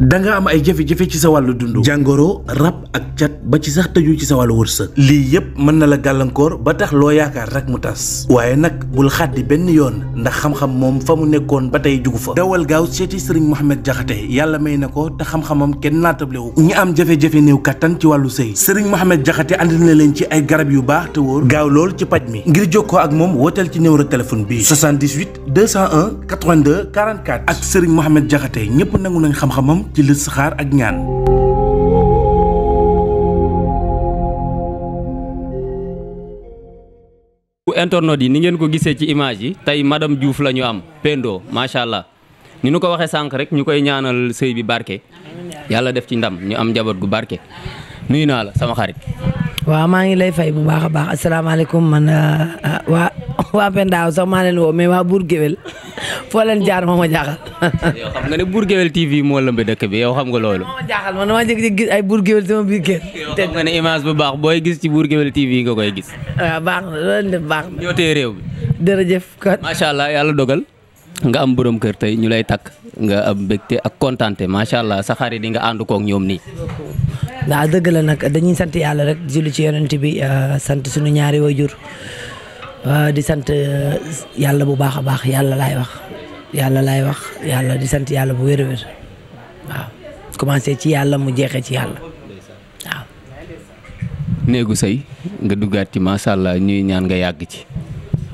danga am ay jafe-jafe ci sa wàllu dundu jàngoro rab ak cat ba ci sax tëju ci sa wàllu wërsëg lii yëpp mën na la gàllankoor ba tax loo yaakaar rek mu tas waaye nag bul xàddi benn yoon ndax xam-xam moom fa mu nekkoon ba tey jugu fa dawal gaaw seeti sëriñ Mohamed Jaxate yàlla may na ko te xam-xamam kenn naatable wu ñi am jafe-jafe néew kattan ci wàllu sëy sëriñ Mohamed Jaxate andi na leen ci ay garab yu baax te wóor gaaw lool ci paj mi ngir jokkoo ak moom wooteel ci numéro téléphone bi 78 201 82 44 ak sëriñ Mohamed Jaxate ñëpp nangu nañ xam-xamam ci listixaar ak ñaan ku internautes yi ni ngeen ko gisee ci image yi tey madame Diouf la ñu am Pendo macha allah ni nu ko waxee sànq rek ñu koy ñaanal sëy bi barke yàlla def ci ndam ñu am njaboot gu barke nuyu naa la sama xarit waaw maa ngi lay fay bu baax a baax asalaamaaleykum man ah, ah, waa waa Penda sax maa leen woo mais waa Bour Gueweul fooleen leen jaar moo ma jaaxal. nga ne Bour Gueweul TV moo lëmbe dëkk bi yow xam nga loolu. moo ma jaaxal man damaa jékki-jékki gis ay Bour Gueweul sama biir kër. nga ne image bu baax booy gis ci Bour Gueweul TV nga koy gis. waaw baax réew mi. jërëjëf kon. macha allah yàlla dogal. nga am borom kër tey ñu lay takk nga am mbégte ak kontaante macha allah sa xarit yi nga ànd kook ñoom nii. waaw dëgg la nag dañuy sant yàlla rek julli ci yonent bi ah, sant suñu ñaari waajur ah, di sant ah, yàlla bu baax a baax yàlla laay wax yàlla laay wax yàlla di sant yàlla bu wér a wér waaw commencé ci yàlla mu jeexee ci yàlla waaw. néegu sëy nga duggaat ci macha allah ñuy ñaan nga yàgg ci.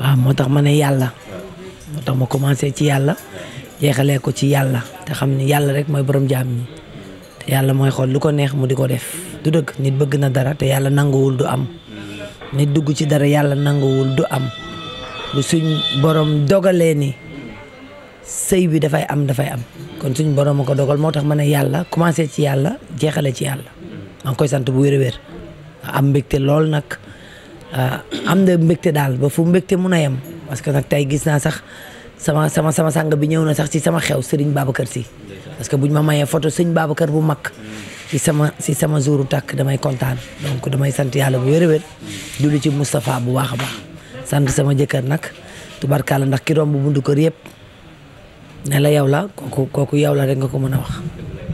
waaw moo tax ma ne yàlla moo tax ma commencé ci yàlla jeexalee ko ci yàlla te xam ni yàlla rek mooy borom jaam ñi te yàlla mooy xool lu ko neex mu di ko def du dëgg nit bëgg na dara te yàlla nanguwul du am nit dugg ci dara yàlla nanguwul du am bu suñ borom dogalee ni sëy bi dafay am dafay am kon suñ borom a ko dogal moo tax ma ne yàlla commencé ci yàlla jeexale ci yàlla maa ngi koy sant bu wér a wér am mbégte lool nag ah, am na mbégte daal ba fu mbégte mun a yem parce que nag tey gis naa sax sama sama sama sang bi ñëw na sax si sama xew Serigne Babacar si parce que buñ ma mayee photo sëñ Babacar bu mag si sama si sama jouru tàkk damay kontaan donc damay sant yàlla bu wér a wér julli ci Moustapha bu baax a baax sant sama jëkkër nag tubarkalla ndax ki romb bundu kër yëpp ne la yow la kooku kooku yow la rek nga ko mën a wax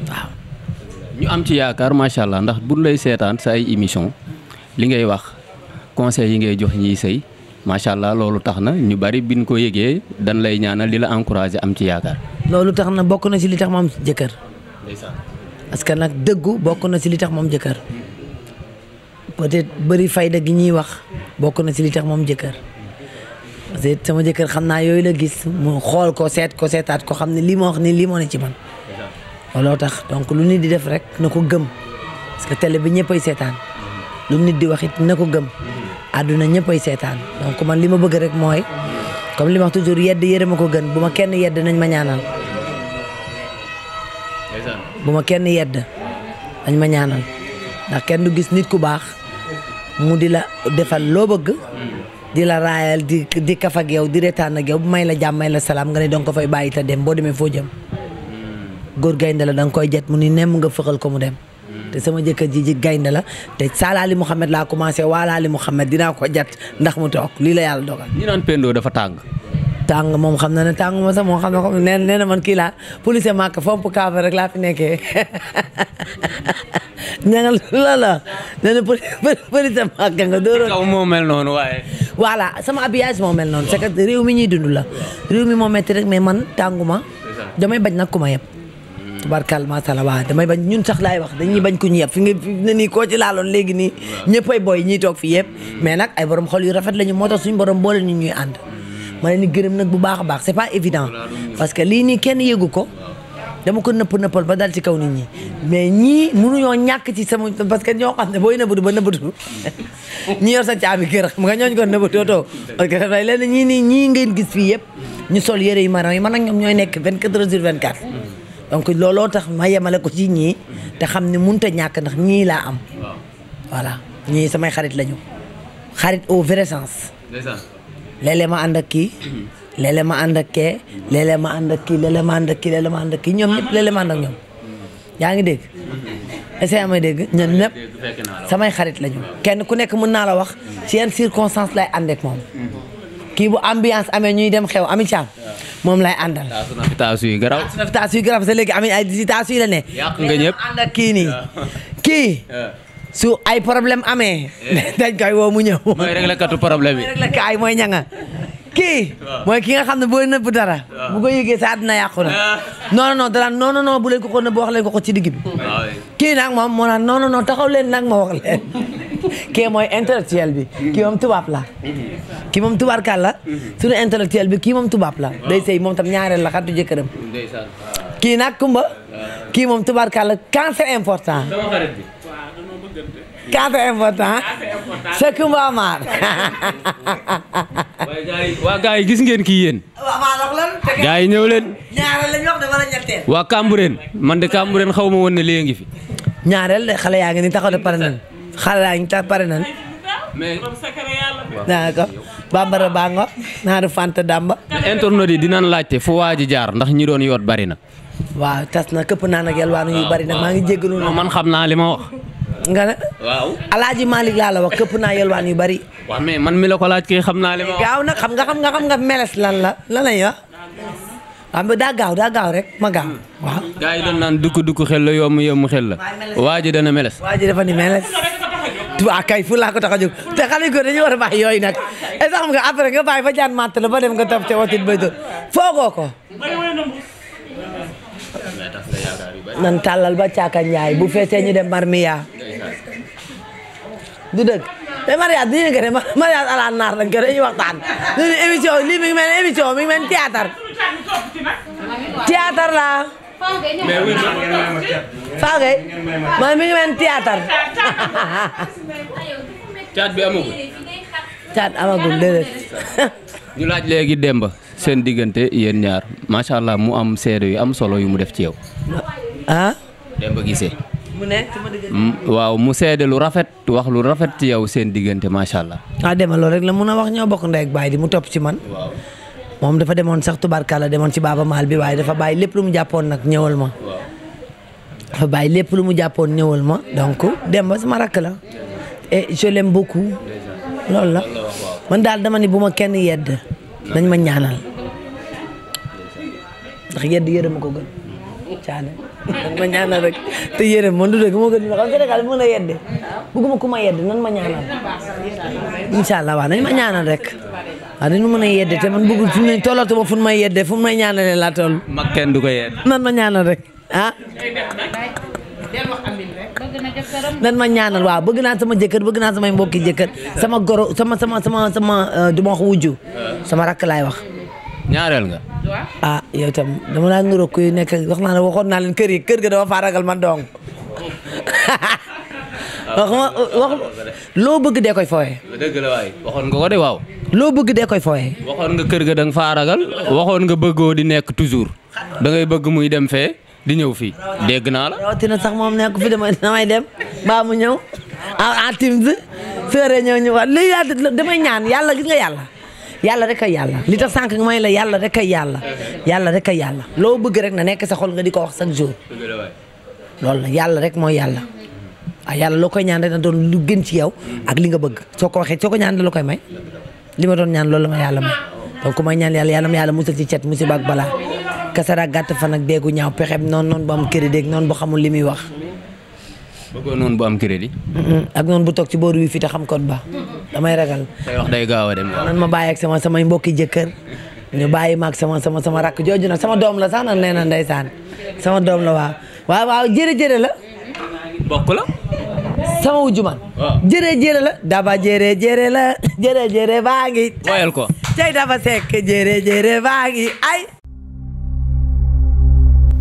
waaw. ñu am ci yaakaar macha allah ndax buñ lay seetaan sa ay émission li ngay wax conseil yi ngay jox ñiy sëy macha allah loolu tax na ñu bari biñ ko yëgee dañ lay ñaanal di la encouragé am ci yaakaar. loolu tax na bokk na ci li tax moom am jëkkër. ndeysaan parce que nag dëggu bokk na ci li tax moom jëkkër peut-être bëri fayda gi ñuy wax bokk na ci li tax moom jëkkër. parce que sama jëkkër xam naa yooyu la gis mu xool ko seet ko seetaat ko xam ne lii ma wax nii lii moo ne ci man looloo tax donc lu nit di def rek na ko gëm parce que tele bi ñëppay seetaan mm-hmm. lu nit di wax it na ko gëm mm-hmm. àdduna ñëppay seetaan donc man li ma bëgg rek mooy comme li ma wax toujours yedd yëre ma ko gën bu ma kenn yedd nañ ma ñaanal bu ma kenn yedd nañ ma ñaanal ndax kenn du gis nit ku baax mu di la defal loo bëgg mm-hmm. di la raayal di di kaf yow di retaan ak yow bu may la jàmm la salaam nga ne danga ko fay bàyyi te dem boo demee foo jëm hmm. góor gaynde la danga koy jet mu ni nemm nga fëxal ko mu dem hmm. te sama jëkkër ji ji gaynde la te saalaali Mouhamed laa commencé waalaali Mouhamed dinaa ko jat ndax mu toog lii la yàlla dogal. ñi naan Pendo dafa tàng. tàng moom xam na ne tàng moom sax xam na ko na man kii laa policier màkk fomp kaaba rek laa fi nekkee ña nga loola nee na policier màkk nga dóoroon kaw moo mel noonu waaye voilà sama habillage moo mel noonu c'est que réew mi ñuy dund la réew mi moo metti rek mais man tànguma damay bañ nag ku ma yëpp tubarkal masala waaw damay bañ ñun sax laay wax dañuy bañ ku ñu yëpp fi nga nii koo ci laaloon léegi nii ñëppay booy ñiy toog fi yëpp mm. mais nag ay borom xol yu rafet lañu moo tax suñu borom boole ñu ñuy ànd ma leen di gërëm nag bu baax a baax c'est pas évident parce que lii nii kenn yëgu ko dama ko nëpp nëppal ba dal ci kaw nit ñi mais ñii mënuñoo ñàkk ci sama parce que ñoo xam ne booy nëbbatu ba nëbbatu ñi yor sa caabi kër xam nga ñooñu ko nëbbatootoo parce que dafay leen ñii nii ñii ngeen gis fii yëpp ñu sol yëre yu marron yi man nag ñoom ñooy nekk 24 heures sur 24 donc looloo tax ma yemale ko ci ñii te xam ne mun a ñàkk ndax ñii laa am voilà ñii samay xarit lañu xarit au vrai sens léeg ma ànd kii léeg-léeg ma ànd ak kee léeg ma ànd kii léeg-léeg ma ànd ak kii léeg-léeg ma ñoom ñëpp léeg ma ànd ñoom yaa ngi dégg est-ce dégg ñun ñëpp samay xarit lañu kenn ku nekk mën naa la wax ci yenn circonstance lay ànd moom kii bu ambiance amee ñuy dem xew ami caam moom lay àndal taasu yu garaaw taasu yu léegi ami ay taasu yi la ne yàq kii nii kii su ay problème amee. dañ koy woo mu ñëw. mooy régler katu problème yi. mooy ñanga kii mooy ki nga xam ne booy nëbb dara bu ko yëgee sa àddina yàqu na non non dara non non bu leen ko ko nëbb wax leen ko ko ci digg bi kii nag moom moo naan non non taxaw leen nag ma wax leen kii mooy intellectuel bi kii moom tubaab la kii moom tubaarkaal la mm-hmm. suñu intellectuel bi kii moom tubaab la day sëy moom tam ñaareel la xatu jëkkëram kii nag kumba kii moom tubaarkaal la cancer important carte important c'est Kumba Maar. yi waa gars gis ngeen kii yéen. waaw yi ñëw leen. ñaareel lañ waa Cambérène man de Cambérène xaw ma woon ne ngi fi. ñaareel de xale yaa ngi ni taxaw pare nañ xale yaa ngi tax pare nañ. mais d'accord bambara bango naaru fanta damba internet yi dinañ laajte fu waa ji jaar ndax ñi doon yoot bari na waaw tas na këpp naa nag yalwaanu yu bari nag maa ngi jéggalu man xam naa li ma wax nga ne. waaw alaaji Malick laa la wax këpp naa yelwaan yu bari. waaw man mi la laaj kii xam naa li ma. gaaw nag xam nga xam nga xam nga meles la lan la ñuy xam nga daa gaaw daa gaaw rek ma gaaw waaw. gars yi doon naan dukk la yomb yomb la. waa ji meles. waa ji dafa ni meles. waa kay fu laa ko tax a jóg te xale góor war a bàyyi yooyu nag est xam nga après nga bàyyi fa jaan màtt la ba dem nga topp ca watit bay doon foogoo ko. nan tàllal ba caaka njaay bu fekkee ñu dem marmiya du dëgg mais mariage la naar lañ koy dañuy waxtaan dañuy émission lii mi ngi mel mi ngi mel théâtre théâtre la faa ngay man mi ngi mel théâtre caat bi amagul caat laaj léegi Demba seen diggante yéen ñaar macha allah mu am seede yu am solo yu mu def ci yow ah Demba mu mm, waaw mu seede lu rafet wax lu rafet ci yow seen diggante macha allah. ah demaloo rek la mun a wax ñoo bokk ndey ak baay di mu topp ci man. moom dafa demoon sax tubaarkàlla demoon ci baaba maal bi waaye dafa bàyyi lépp lu mu jàppoon nag ñëwal ma. dafa bàyyi lépp lu mu jàppoon ñëwal ma donc Demba sama rakk la. et je l'aime beaucoup. la man daal dama ni bu ma kenn yedd. nañ ma ñaanal. ndax yedd yërëm ko gën. caane nan rek te yéene man du dëgg moo gën a yedde bëgguma ma yedd nan ma ñaanal incha allah waaw nañ rek waaw dañu mën a yedde te man bëggul fu mu ne tollootuma fu may yedde fu ko yedd nan ma ñaanal rek ah nan ma ñaanal waaw bëgg naa sama jëkkër bëgg naa samay mbokki jëkkër sama goro sama sama sama sama euh, du ma wax euh. sama rakk laay wax ah yow itam dama laa nuroo kuy nekk wax naa ne waxoon naa leen kër yi kër ga dama faa ragal man dong loo bëgg dee koy la waay waxoon nga ko de loo bëgg dee koy fooye. nga kër ga da nga ragal waxoon nga bëggoo di nekk toujours da ngay bëgg muy dem fee di ñëw fii dégg naa la. rawatina sax moom nekk fi damay damay dem baa mu ñëw ah, en en timis sëre ñëw ñu wax li damay ñaan yàlla gis nga yàlla. yàlla rek ay yàlla li tax sànq mooy la yàlla rekk ay yàlla yàlla rek yàlla loo bëgg rek na nekk sa xol nga di ko wax chaque jour loolu na yàlla rek mooy yàlla ah yàlla loo koy ñaan rek na doon lu gën ci yow ak li nga bëgg soo ko waxee soo ko ñaan la koy may li ma doon ñaan loolu la ma yàlla may donc may ñaan yàlla yàlla ma yàlla musal ci cet si ak balaa kasara gàtt fan ak déegu ñaaw pexem noon noon bu am crédit ak noonu bu xamul li muy wax. bëggoon noonu bu am crédit. ak toog ci booru wi fi te xam code ba damay ragal. day a dem waaw. nan ma bàyyi ak sama samay mbokki jëkkër ñu bàyyi ma ak sama sama sama rakk jooju nag sama doom la sax nan nee na sama doom la waaw waaw waaw jërë la. sama wujju man. waaw la. daba jërë jërë la jërë jërë baa ngi. wayal ko. cey dafa sekk ay.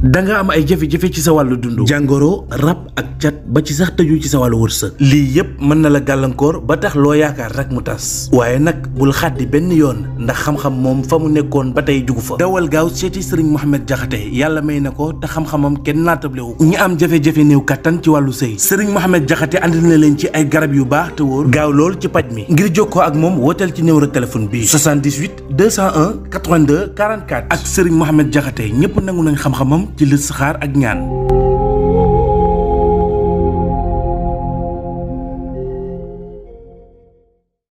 danga am ay jafe-jafe ci sa wàllu dundu jàngoro rab ak cat ba ci sax tëju ci sa wàllu wërsëg. lii yëpp mën na la gàllankoor ba tax loo yaakaar rek mu tas. waaye nag bul xàddi benn yoon ndax xam-xam moom fa mu nekkoon ba tey jugu fa. dawal gaaw seeti Serigne Mohamed jaxate yàlla may na ko te xam-xamam kenn naatable wu. ñi am jafe-jafe néew kattan ci wàllu sëy. Serigne Mohamed Diakhaté andi na leen ci ay garab yu baax te wóor. gaaw lool ci paj mi. ngir jokkoo ak moom wooteel ci numéro téléphone bii. 78 201 82 44. ak Serigne Mohamed Diakhaté ñëpp nangu nañ xam ci listixaar ak ñaan